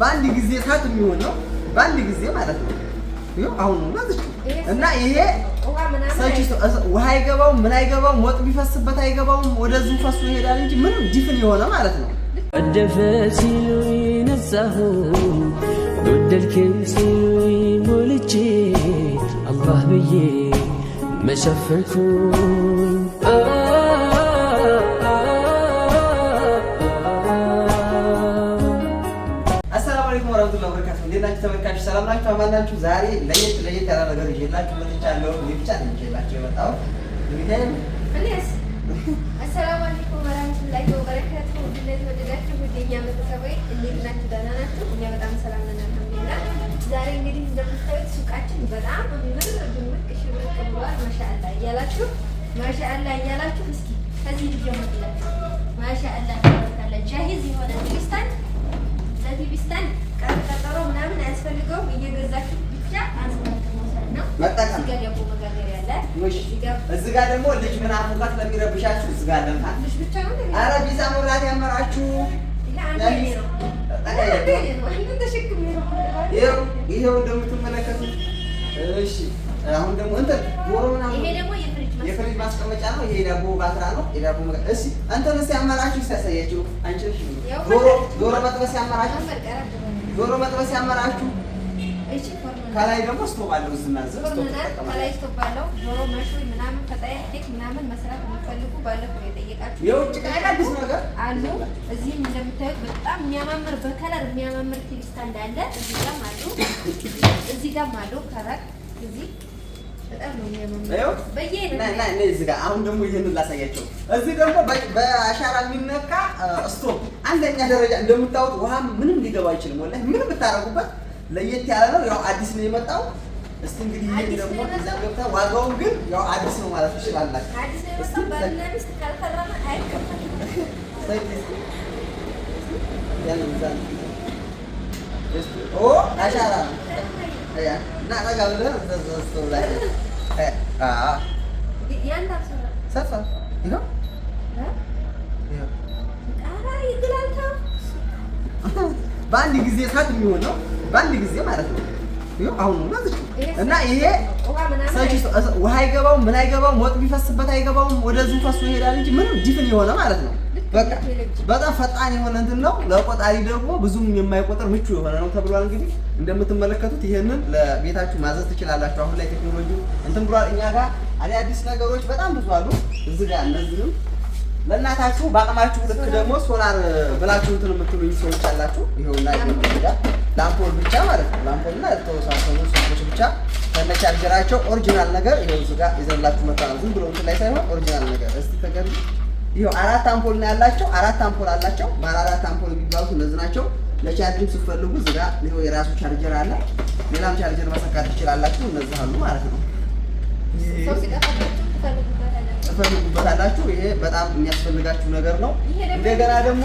በአንድ ጊዜ እሳት የሚሆን ነው። በአንድ ጊዜ ማለት ነው። አሁን እና ይሄ ውሃ አይገባውም፣ ምን አይገባውም፣ ወጥ ቢፈስበት አይገባውም። ወደዚህ ፈሱ ይሄዳል እንጂ ምንም ዲፍን የሆነ ማለት ነው። ቀደፈ ሲሉ ነጻሁ ወደልክም ሲሉ አላህ ብዬ መሸፈንኩኝ አላምናችሁ አማናችሁ ዛሬ ለየት ለየት ያለ ነገር ይዤላችሁ መጥቻለሁ። ወይ ብቻ ነው ይዤላችሁ የመጣሁት እንግዲህ እኔስ አሰላሙ አለይኩም ወራህመቱላሂ ወበረካቱ። እንደዚህ ወደዳችሁ ወደኛ መተሰበይ እንዴት ናችሁ? ደህና ናችሁ? እኛ በጣም ሰላም ነን አልሐምዱሊላህ። ዛሬ እንግዲህ እንደምታዩት ሱቃችን በጣም ምር ድምቅ ሽብርቅ ብሏል። ማሻአላ እያላችሁ ማሻአላ እያላችሁ እስኪ ከዚህ ልጅ የሚያስፈልገው እየገዛችሁ ብቻ መጠቀም እዚህ ጋር ደግሞ ልጅ ምናምን ሙቀት ለሚረብሻችሁ እዚህ ጋር ለምታል ልጅ ቢዛ መብላት ያመራችሁ ይኸው እንደምትመለከቱት። እሺ አሁን ደግሞ እንትን ዶሮ ምናምን የፍሪጅ ማስቀመጫ ነው። ይሄ ዳቦ ባትራ ነው። የዳቦ መቀ እሺ እንትን ሲያመራችሁ ሲያሳያችሁ አንቺ ዶሮ ዶሮ መጥበስ ሲያመራችሁ ዶሮ መጥበስ ያመራችሁ ከላይ ደግሞ ስቶቭ አለው። ዝና ከላይ ስቶቭ አለው። ዶሮ መሹ ምናምን ፈጣያ ኬክ ምናምን መስራት የምትፈልጉ ባለፈው የጠየቃችሁ የውጭ ቃል አዲስ ነገር አሉ። እዚህም እንደምታዩት በጣም የሚያማምር በከለር የሚያማምር ቴስታ እንዳለ እዚህ ጋርም አሉ። እዚህ ጋርም አለው ከለር እዚህ በጣም ነው የሚያማምር በየነ እዚህ ጋር አሁን ደግሞ ይህንን ላሳያቸው። እዚህ ደግሞ በአሻራ የሚነካ ስቶቭ አንደኛ ደረጃ እንደምታወጡ ውሃ ምንም ሊገባ አይችልም። ወላሂ ምንም ብታረጉበት ለየት ያለ ነው። ያው አዲስ ነው የመጣው። እስቲ እንግዲህ ይሄ ደግሞ እዛ ገብታ ዋጋውን ግን ያው አዲስ ነው ማለት ትችላላችሁ። አሻራ እና ጠጋ ብለህ ሰፋ ይኸው በአንድ ጊዜ እሳት የሚሆነው በአንድ ጊዜ ማለት ነው። አሁን እና ይሄ ውሃ አይገባውም፣ ምን አይገባውም፣ ወጥ ቢፈስበት አይገባውም። ወደዚሁ ፈሱ ይሄዳል እንጂ ምንም ዲፍን የሆነ ማለት ነው። በቃ በጣም ፈጣን የሆነ እንትን ነው። ለቆጣሪ ደግሞ ብዙም የማይቆጥር ምቹ የሆነ ነው ተብሏል። እንግዲህ እንደምትመለከቱት ይሄንን ለቤታችሁ ማዘዝ ትችላላችሁ። አሁን ላይ ቴክኖሎጂ እንትን ብሏል። እኛ ጋር አዳዲስ ነገሮች በጣም ብዙ አሉ። እዚህ ጋር እነዚህም በእናታችሁ በአቅማችሁ ልክ ደግሞ ሶላር ብላችሁ እንትን የምትሉኝ ሰዎች አላችሁ። ይኸውና ይሄዳ ላምፖል ብቻ ማለት ነው። ላምፖልና የተወሳሰኑ ሰዎች ብቻ ከነቻርጀራቸው ኦሪጂናል ነገር ይኸው እዚህ ጋር ይዘንላችሁ መጣን። ዝም ብሎ እንትን ላይ ሳይሆን ኦሪጂናል ነገር እስቲ ተገቢ ይኸው አራት አምፖል ነው ያላቸው። አራት አምፖል አላቸው። ባለ አራት አምፖል የሚባሉት እነዚህ ናቸው። ለቻርጅንግ ስትፈልጉ እዚህ ጋር ይኸው የራሱ ቻርጀር አለ። ሌላም ቻርጀር መሰካት ትችላላችሁ። እነዚህ አሉ ማለት ነው። ትፈልጉበታላችሁ። ይሄ በጣም የሚያስፈልጋችሁ ነገር ነው። እንደገና ደግሞ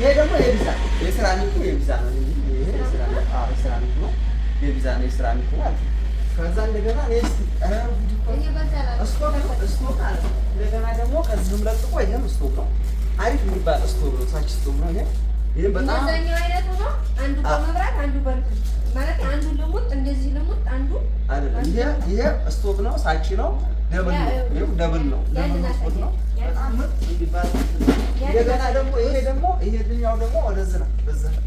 ይሄ ደግሞ የቪዛ የሴራሚኩ የቪዛ ነው። የሴራሚኩ ነው የቪዛ ነው የሴራሚኩ ማለት ነው። ከዛ እንደገና እንደገና ደግሞ ከዚህም ለጥቆ ይህም ስቶቭ ነው። አሪፍ የሚባል ስቶቭ ነው። ሳች ስቶቭ ነው ይሄ ይሄ በጣም ወዛኛው አይነት ሆኖ አንዱ በመብራት አንዱ በልክ ማለት አንዱ ልሙጥ እንደዚህ ልሙጥ አንዱ አይደለም። ይሄ ይሄ ስቶቭ ነው፣ ሳቺ ነው፣ ደብል ነው። ይሄ ደብል ነው፣ ደብል ስቶቭ ነው። በጣም ምርጥ ይባል። እንደገና ደግሞ ይሄ ደግሞ ይሄ ደግሞ ወደዚህ ነው። በዚህ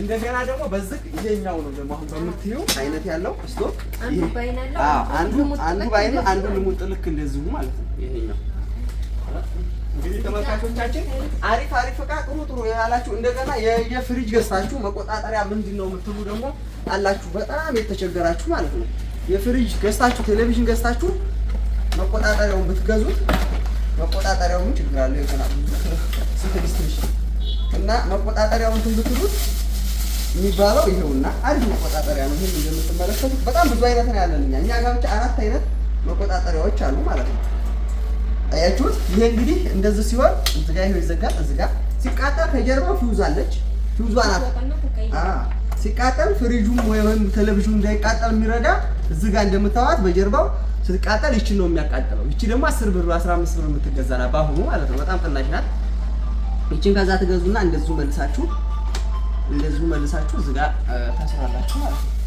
እንደገና ደግሞ በዚህ ይሄኛው ነው ደግሞ አሁን በምትዩ አይነት ያለው ስቶቭ አንዱ አንዱ ባይነ አንዱ ልሙጥ ልክ እንደዚሁ ማለት ነው ይሄኛው እንግዲህ ተመልካቾቻችን አሪፍ አሪፍ እቃ ጥሩ ጥሩ ያላችሁ እንደገና የፍሪጅ ገዝታችሁ መቆጣጠሪያ ምንድን ነው የምትሉ ደግሞ አላችሁ። በጣም የተቸገራችሁ ማለት ነው። የፍሪጅ ገዝታችሁ ቴሌቪዥን ገዝታችሁ መቆጣጠሪያውን ብትገዙት መቆጣጠሪያው ምን ችግር አለው? ይሆናል እና መቆጣጠሪያውን እንትን ብትሉት የሚባለው ይሄውና አሪፍ መቆጣጠሪያ ነው። ይሄን እንደምትመለከቱት በጣም ብዙ አይነት ነው ያለን እኛ እኛ ጋር ብቻ አራት አይነት መቆጣጠሪያዎች አሉ ማለት ነው። አያችሁት? ይሄ እንግዲህ እንደዚህ ሲሆን እዚህ ጋር ይሄው ይዘጋል። እዚህ ጋር ሲቃጠል ከጀርባ ፊውዝ አለች። ፊውዟ ናት። አዎ ሲቃጠል ፍሪጁም ወይም ቴሌቪዥኑ እንዳይቃጠል የሚረዳ እዚህ ጋር እንደምታዋት በጀርባው ስትቃጠል ይቺ ነው የሚያቃጥለው። ይቺ ደግሞ 10 ብር 15 ብር የምትገዛና ናት በአሁኑ ማለት ነው። በጣም ጥናሽ ናት። ይቺን ከዛ ትገዙና እንደዚሁ መልሳችሁ እንደዚሁ መልሳችሁ እዚህ ጋር ታስራላችሁ ማለት ነው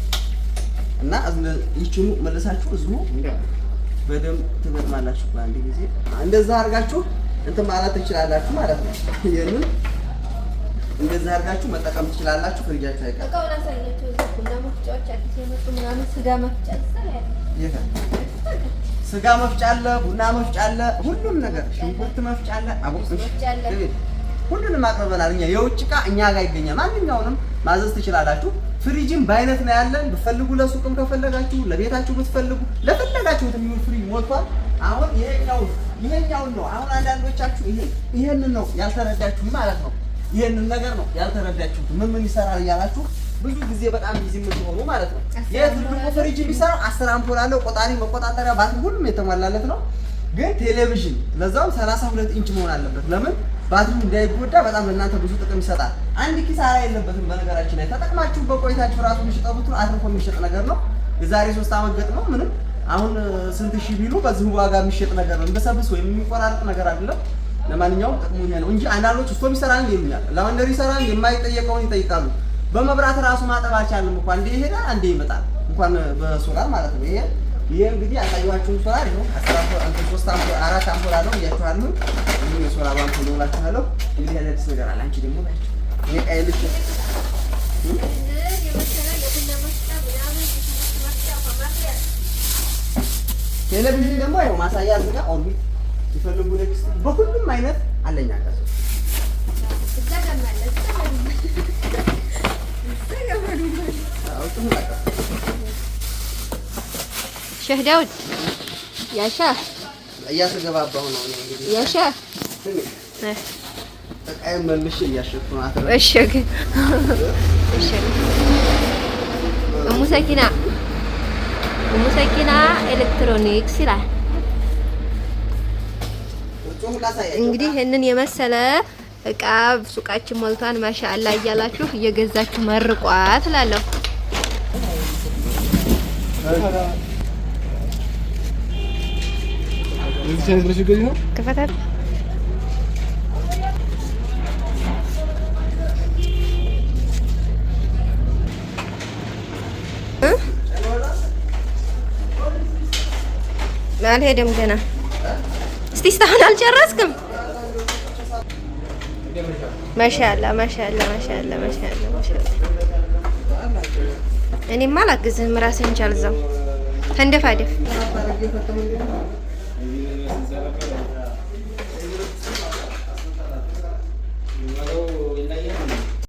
እና ይቺኑ መልሳችሁ እዚሁ በደንብ ትገርማላችሁ። በአንድ ጊዜ እንደዛ አድርጋችሁ እንትን ማለት ትችላላችሁ ማለት ነው። ይህንን እንደዛ አድርጋችሁ መጠቀም ትችላላችሁ። ፍሪጃችሁ አይቀርም። ስጋ መፍጫ አለ፣ ቡና መፍጫ አለ፣ ሁሉም ነገር ሽንኩርት መፍጫ አለ። ሁሉንም አቅርበናል። እኛ የውጭ እቃ እኛ ጋር ይገኛል። ማንኛውንም ማዘዝ ትችላላችሁ። ፍሪጅም በአይነት ነው ያለን። ብትፈልጉ ለሱቅም ከፈለጋችሁ ለቤታችሁ ብትፈልጉ ለፈለጋችሁት የሚሆን ፍሪጅ ሞልቷል። አሁን ይሄኛው ይሄኛውን ነው አሁን አንዳንዶቻችሁ ይሄ ይሄንን ነው ያልተረዳችሁ ማለት ነው። ይሄንን ነገር ነው ያልተረዳችሁት። ምን ምን ይሰራል እያላችሁ ብዙ ጊዜ በጣም ጊዜ የምትሆኑ ማለት ነው። የትልቁ ፍሪጅ የሚሰራው አስር አምፖል አለው። ቆጣሪ፣ መቆጣጠሪያ፣ ባትሪ ሁሉም የተሟላለት ነው። ግን ቴሌቪዥን ለዛውም 32 ኢንች መሆን አለበት። ለምን ባትሪ እንዳይጎዳ በጣም ለእናንተ ብዙ ጥቅም ይሰጣል። አንድ ኪሳራ የለበትም። በነገራችን ላይ ተጠቅማችሁ በቆይታችሁ ራሱ የሚሸጠቡት አትርፎ የሚሸጥ ነገር ነው። የዛሬ ሶስት ዓመት ገጥመው ምንም አሁን ስንት ሺህ ቢሉ በዚሁ ዋጋ የሚሸጥ ነገር ነው። እንደሰብስ ወይም የሚቆራረጥ ነገር አይደለም። ለማንኛውም ጥቅሙ ይሄ ነው እንጂ አንዳንዶች ስቶቭ ይሰራል ይሉኛል፣ ላውንደሪ ይሰራል፣ የማይጠየቀውን ይጠይቃሉ። በመብራት ራሱ ማጠብ አልቻልንም። እንኳን እንደ ይሄዳል አንዴ ይመጣል እንኳን በሶላር ማለት ነው ይሄ ይህ እንግዲህ አሳየኋችሁን ሶላር ነው። ሶስት አምፖል አራት አምፖል አለው እያችኋለሁ። እንዲሁ የሶላ ባንክ ሆኖላችኋለሁ። እንግዲህ ያለብስ ነገር አለ። አንቺ ደግሞ ይህ ቀይ ልጅ ቴሌቪዥን ደግሞ ያው ማሳያ አድርጋ ኦርቢት ይፈልጉ በሁሉም አይነት አለኛ ሼህ ዳውድ ያሻ እያስገባባሁ ነው እንግዲህ ያሻ ተቃይ መልሽ እያሸኩ ነው። አትረፍ እሺ፣ ግን እሺ፣ እሙ ሰኪና እሙ ሰኪና ኤሌክትሮኒክስ ይላል እንግዲህ ይህንን የመሰለ እቃ ሱቃችን ሞልቷን ማሻአላ እያላችሁ እየገዛችሁ መርቋት እላለሁ። እዚህ ሳይዝ ነው ነው ከፈታል ገና። እስቲ እስካሁን አልጨረስክም። ማሻአላ ማሻአላ ማሻአላ ማሻአላ ማሻአላ። እኔማ አላግዝህም፣ ራስህን ቻል። እዛው ተንደፋደፍ Wie, das ja